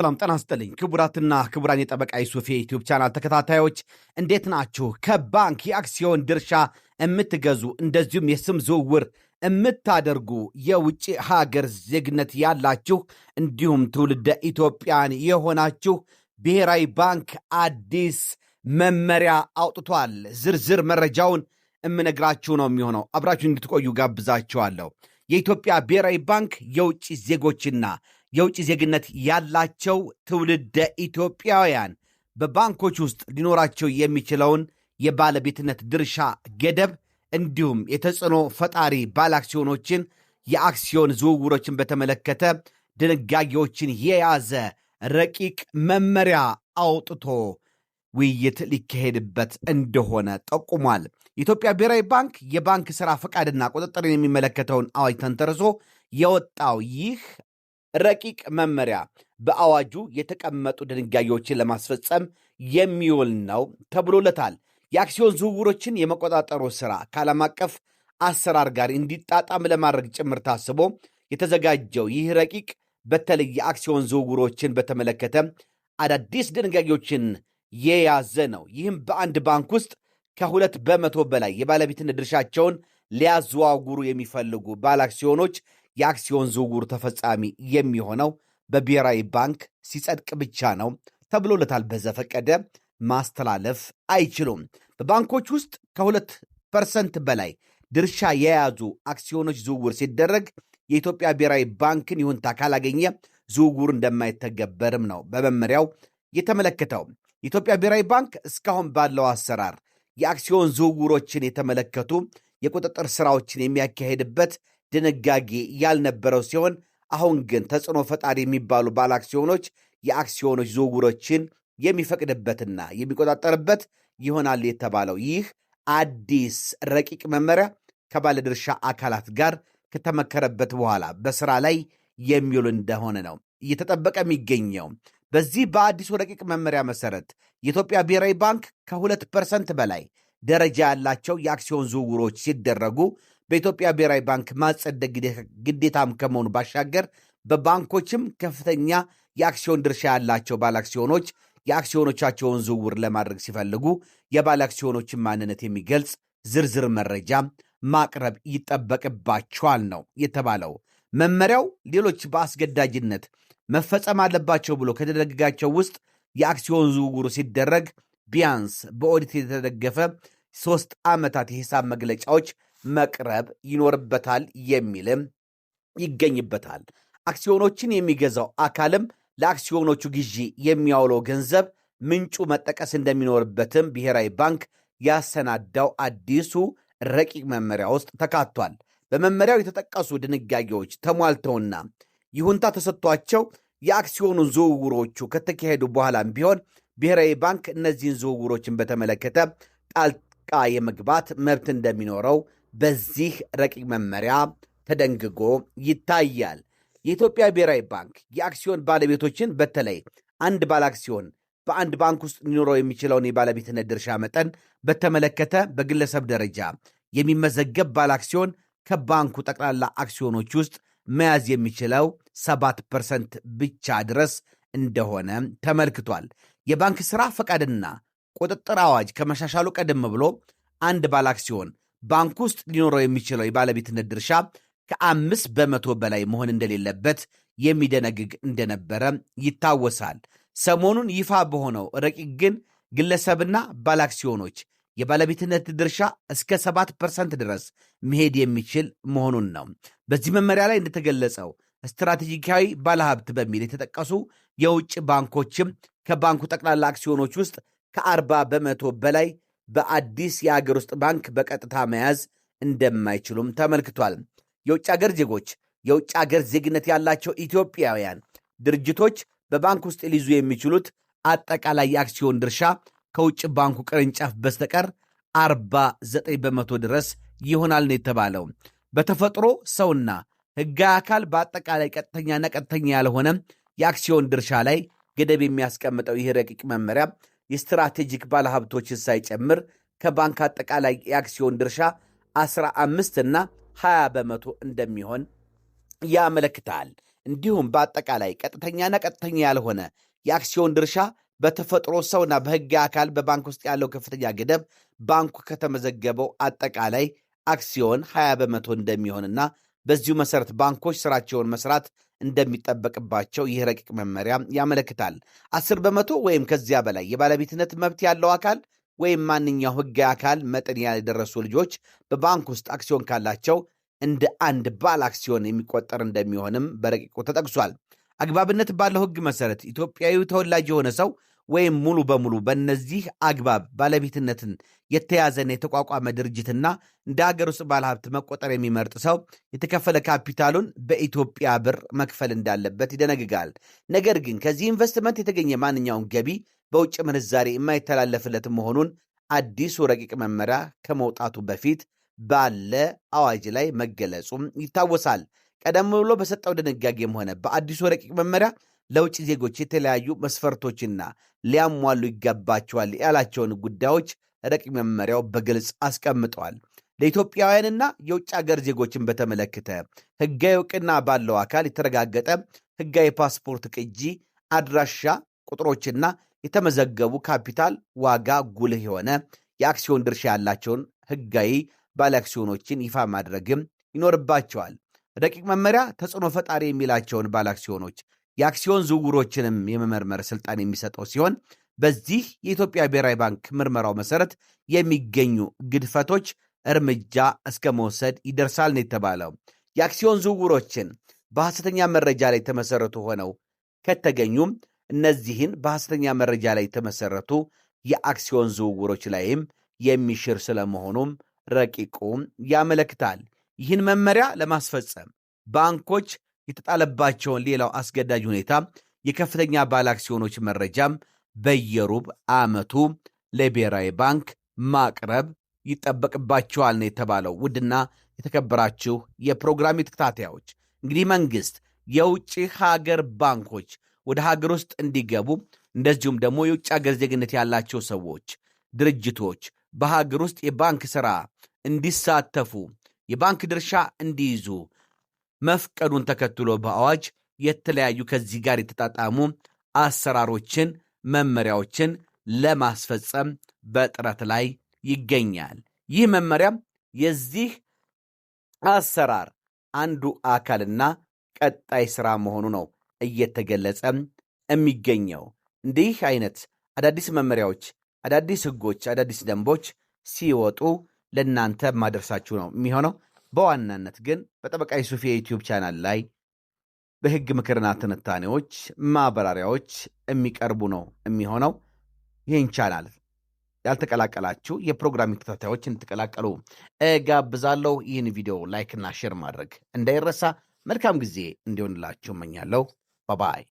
ሰላም ጤና ይስጥልኝ ክቡራትና ክቡራን የጠበቃ ዩሱፍ የዩቲዩብ ቻናል ተከታታዮች እንዴት ናችሁ? ከባንክ የአክሲዮን ድርሻ የምትገዙ እንደዚሁም የስም ዝውውር የምታደርጉ የውጭ ሀገር ዜግነት ያላችሁ እንዲሁም ትውልደ ኢትዮጵያን የሆናችሁ ብሔራዊ ባንክ አዲስ መመሪያ አውጥቷል። ዝርዝር መረጃውን የምነግራችሁ ነው የሚሆነው። አብራችሁ እንድትቆዩ ጋብዛችኋለሁ። የኢትዮጵያ ብሔራዊ ባንክ የውጭ ዜጎችና የውጭ ዜግነት ያላቸው ትውልደ ኢትዮጵያውያን በባንኮች ውስጥ ሊኖራቸው የሚችለውን የባለቤትነት ድርሻ ገደብ እንዲሁም የተጽዕኖ ፈጣሪ አክሲዮኖችን የአክሲዮን ዝውውሮችን በተመለከተ ድንጋጌዎችን የያዘ ረቂቅ መመሪያ አውጥቶ ውይይት ሊካሄድበት እንደሆነ ጠቁሟል። የኢትዮጵያ ብሔራዊ ባንክ የባንክ ሥራ ፈቃድና ቁጥጥርን የሚመለከተውን አዋጅ ተንተርሶ የወጣው ይህ ረቂቅ መመሪያ በአዋጁ የተቀመጡ ድንጋጌዎችን ለማስፈጸም የሚውል ነው ተብሎለታል። የአክሲዮን ዝውውሮችን የመቆጣጠሩ ስራ ከዓለም አቀፍ አሰራር ጋር እንዲጣጣም ለማድረግ ጭምር ታስቦ የተዘጋጀው ይህ ረቂቅ በተለይ የአክሲዮን ዝውውሮችን በተመለከተ አዳዲስ ድንጋጌዎችን የያዘ ነው። ይህም በአንድ ባንክ ውስጥ ከሁለት በመቶ በላይ የባለቤትን ድርሻቸውን ሊያዘዋውሩ የሚፈልጉ ባለአክሲዮኖች የአክሲዮን ዝውውር ተፈጻሚ የሚሆነው በብሔራዊ ባንክ ሲጸድቅ ብቻ ነው ተብሎለታል። በዘፈቀደ ማስተላለፍ አይችሉም። በባንኮች ውስጥ ከሁለት ፐርሰንት በላይ ድርሻ የያዙ አክሲዮኖች ዝውውር ሲደረግ የኢትዮጵያ ብሔራዊ ባንክን ይሁንታ ካላገኘ ዝውውር እንደማይተገበርም ነው በመመሪያው የተመለከተው። የኢትዮጵያ ብሔራዊ ባንክ እስካሁን ባለው አሰራር የአክሲዮን ዝውውሮችን የተመለከቱ የቁጥጥር ስራዎችን የሚያካሄድበት ድንጋጌ ያልነበረው ሲሆን አሁን ግን ተጽዕኖ ፈጣሪ የሚባሉ አክሲዮኖች የአክሲዮኖች ዝውውሮችን የሚፈቅድበትና የሚቆጣጠርበት ይሆናል የተባለው ይህ አዲስ ረቂቅ መመሪያ ከባለድርሻ አካላት ጋር ከተመከረበት በኋላ በስራ ላይ የሚውል እንደሆነ ነው እየተጠበቀ የሚገኘው። በዚህ በአዲሱ ረቂቅ መመሪያ መሰረት የኢትዮጵያ ብሔራዊ ባንክ ከሁለት ፐርሰንት በላይ ደረጃ ያላቸው የአክሲዮን ዝውውሮች ሲደረጉ በኢትዮጵያ ብሔራዊ ባንክ ማጸደቅ ግዴታም ከመሆኑ ባሻገር በባንኮችም ከፍተኛ የአክሲዮን ድርሻ ያላቸው አክሲዮኖች የአክሲዮኖቻቸውን ዝውውር ለማድረግ ሲፈልጉ አክሲዮኖችን ማንነት የሚገልጽ ዝርዝር መረጃ ማቅረብ ይጠበቅባቸዋል ነው የተባለው። መመሪያው ሌሎች በአስገዳጅነት መፈጸም አለባቸው ብሎ ከደነገጋቸው ውስጥ የአክሲዮን ዝውውሩ ሲደረግ ቢያንስ በኦዲት የተደገፈ ሶስት ዓመታት የሂሳብ መግለጫዎች መቅረብ ይኖርበታል የሚልም ይገኝበታል። አክሲዮኖችን የሚገዛው አካልም ለአክሲዮኖቹ ግዢ የሚያውለው ገንዘብ ምንጩ መጠቀስ እንደሚኖርበትም ብሔራዊ ባንክ ያሰናዳው አዲሱ ረቂቅ መመሪያ ውስጥ ተካቷል። በመመሪያው የተጠቀሱ ድንጋጌዎች ተሟልተውና ይሁንታ ተሰጥቷቸው የአክሲዮኑን ዝውውሮቹ ከተካሄዱ በኋላም ቢሆን ብሔራዊ ባንክ እነዚህን ዝውውሮችን በተመለከተ ጣልቃ የመግባት መብት እንደሚኖረው በዚህ ረቂቅ መመሪያ ተደንግጎ ይታያል። የኢትዮጵያ ብሔራዊ ባንክ የአክሲዮን ባለቤቶችን በተለይ አንድ ባለ አክሲዮን በአንድ ባንክ ውስጥ ሊኖረው የሚችለውን የባለቤትነት ድርሻ መጠን በተመለከተ በግለሰብ ደረጃ የሚመዘገብ ባለ አክሲዮን ከባንኩ ጠቅላላ አክሲዮኖች ውስጥ መያዝ የሚችለው 7 ፐርሰንት ብቻ ድረስ እንደሆነ ተመልክቷል። የባንክ ሥራ ፈቃድና ቁጥጥር አዋጅ ከመሻሻሉ ቀደም ብሎ አንድ ባለ አክሲዮን ባንክ ውስጥ ሊኖረው የሚችለው የባለቤትነት ድርሻ ከአምስት በመቶ በላይ መሆን እንደሌለበት የሚደነግግ እንደነበረ ይታወሳል። ሰሞኑን ይፋ በሆነው ረቂቅ ግን ግለሰብና ባለአክሲዮኖች የባለቤትነት ድርሻ እስከ 7 ፐርሰንት ድረስ መሄድ የሚችል መሆኑን ነው። በዚህ መመሪያ ላይ እንደተገለጸው ስትራቴጂካዊ ባለሀብት በሚል የተጠቀሱ የውጭ ባንኮችም ከባንኩ ጠቅላላ አክሲዮኖች ውስጥ ከ40 በመቶ በላይ በአዲስ የአገር ውስጥ ባንክ በቀጥታ መያዝ እንደማይችሉም ተመልክቷል። የውጭ አገር ዜጎች፣ የውጭ አገር ዜግነት ያላቸው ኢትዮጵያውያን ድርጅቶች በባንክ ውስጥ ሊይዙ የሚችሉት አጠቃላይ የአክሲዮን ድርሻ ከውጭ ባንኩ ቅርንጫፍ በስተቀር 49 በመቶ ድረስ ይሆናል ነው የተባለው። በተፈጥሮ ሰውና ሕጋዊ አካል በአጠቃላይ ቀጥተኛና ቀጥተኛ ያልሆነ የአክሲዮን ድርሻ ላይ ገደብ የሚያስቀምጠው ይህ ረቂቅ መመሪያ የስትራቴጂክ ባለሀብቶችን ሳይጨምር ከባንክ አጠቃላይ የአክሲዮን ድርሻ 15 እና 20 በመቶ እንደሚሆን ያመለክታል። እንዲሁም በአጠቃላይ ቀጥተኛና ቀጥተኛ ያልሆነ የአክሲዮን ድርሻ በተፈጥሮ ሰውና በሕግ አካል በባንክ ውስጥ ያለው ከፍተኛ ገደብ ባንኩ ከተመዘገበው አጠቃላይ አክሲዮን 20 በመቶ እንደሚሆንና በዚሁ መሰረት ባንኮች ስራቸውን መስራት እንደሚጠበቅባቸው ይህ ረቂቅ መመሪያ ያመለክታል። አስር በመቶ ወይም ከዚያ በላይ የባለቤትነት መብት ያለው አካል ወይም ማንኛው ሕጋዊ አካል መጠን ያልደረሱ ልጆች በባንክ ውስጥ አክሲዮን ካላቸው እንደ አንድ ባል አክሲዮን የሚቆጠር እንደሚሆንም በረቂቁ ተጠቅሷል። አግባብነት ባለው ሕግ መሰረት ኢትዮጵያዊ ተወላጅ የሆነ ሰው ወይም ሙሉ በሙሉ በእነዚህ አግባብ ባለቤትነትን የተያዘና የተቋቋመ ድርጅትና እንደ አገር ውስጥ ባለሀብት መቆጠር የሚመርጥ ሰው የተከፈለ ካፒታሉን በኢትዮጵያ ብር መክፈል እንዳለበት ይደነግጋል። ነገር ግን ከዚህ ኢንቨስትመንት የተገኘ ማንኛውም ገቢ በውጭ ምንዛሬ የማይተላለፍለት መሆኑን አዲሱ ረቂቅ መመሪያ ከመውጣቱ በፊት ባለ አዋጅ ላይ መገለጹም ይታወሳል። ቀደም ብሎ በሰጠው ድንጋጌም ሆነ በአዲሱ ረቂቅ መመሪያ ለውጭ ዜጎች የተለያዩ መስፈርቶችና ሊያሟሉ ይገባቸዋል ያላቸውን ጉዳዮች ረቂቅ መመሪያው በግልጽ አስቀምጠዋል። ለኢትዮጵያውያንና የውጭ አገር ዜጎችን በተመለከተ ሕጋዊ እውቅና ባለው አካል የተረጋገጠ ሕጋዊ ፓስፖርት ቅጂ፣ አድራሻ ቁጥሮችና የተመዘገቡ ካፒታል ዋጋ ጉልህ የሆነ የአክሲዮን ድርሻ ያላቸውን ሕጋዊ ባለአክሲዮኖችን ይፋ ማድረግም ይኖርባቸዋል። ረቂቅ መመሪያ ተጽዕኖ ፈጣሪ የሚላቸውን ባለአክሲዮኖች የአክሲዮን ዝውውሮችንም የመመርመር ስልጣን የሚሰጠው ሲሆን በዚህ የኢትዮጵያ ብሔራዊ ባንክ ምርመራው መሰረት የሚገኙ ግድፈቶች እርምጃ እስከ መውሰድ ይደርሳል ነው የተባለው። የአክሲዮን ዝውውሮችን በሐሰተኛ መረጃ ላይ የተመሰረቱ ሆነው ከተገኙም እነዚህን በሐሰተኛ መረጃ ላይ ተመሰረቱ የአክሲዮን ዝውውሮች ላይም የሚሽር ስለመሆኑም ረቂቁም ያመለክታል። ይህን መመሪያ ለማስፈጸም ባንኮች የተጣለባቸውን ሌላው አስገዳጅ ሁኔታ የከፍተኛ ባለ አክሲዮኖች መረጃም በየሩብ ዓመቱ ለብሔራዊ ባንክ ማቅረብ ይጠበቅባቸዋል ነው የተባለው። ውድና የተከበራችሁ የፕሮግራም ተከታታዮች እንግዲህ መንግስት የውጭ ሀገር ባንኮች ወደ ሀገር ውስጥ እንዲገቡ እንደዚሁም ደግሞ የውጭ ሀገር ዜግነት ያላቸው ሰዎች፣ ድርጅቶች በሀገር ውስጥ የባንክ ሥራ እንዲሳተፉ የባንክ ድርሻ እንዲይዙ መፍቀዱን ተከትሎ በአዋጅ የተለያዩ ከዚህ ጋር የተጣጣሙ አሰራሮችን፣ መመሪያዎችን ለማስፈጸም በጥረት ላይ ይገኛል። ይህ መመሪያም የዚህ አሰራር አንዱ አካልና ቀጣይ ስራ መሆኑ ነው እየተገለጸ የሚገኘው። እንዲህ አይነት አዳዲስ መመሪያዎች፣ አዳዲስ ህጎች፣ አዳዲስ ደንቦች ሲወጡ ለእናንተ ማደርሳችሁ ነው የሚሆነው። በዋናነት ግን በጠበቃ ዩሱፍ የዩትዩብ ቻናል ላይ በህግ ምክርና ትንታኔዎች፣ ማብራሪያዎች የሚቀርቡ ነው የሚሆነው። ይህን ቻናል ያልተቀላቀላችሁ የፕሮግራሚ ተከታታዮች እንድትቀላቀሉ እጋብዛለሁ። ይህን ቪዲዮ ላይክና ሼር ማድረግ እንዳይረሳ። መልካም ጊዜ እንዲሆንላችሁ እመኛለሁ። ባባይ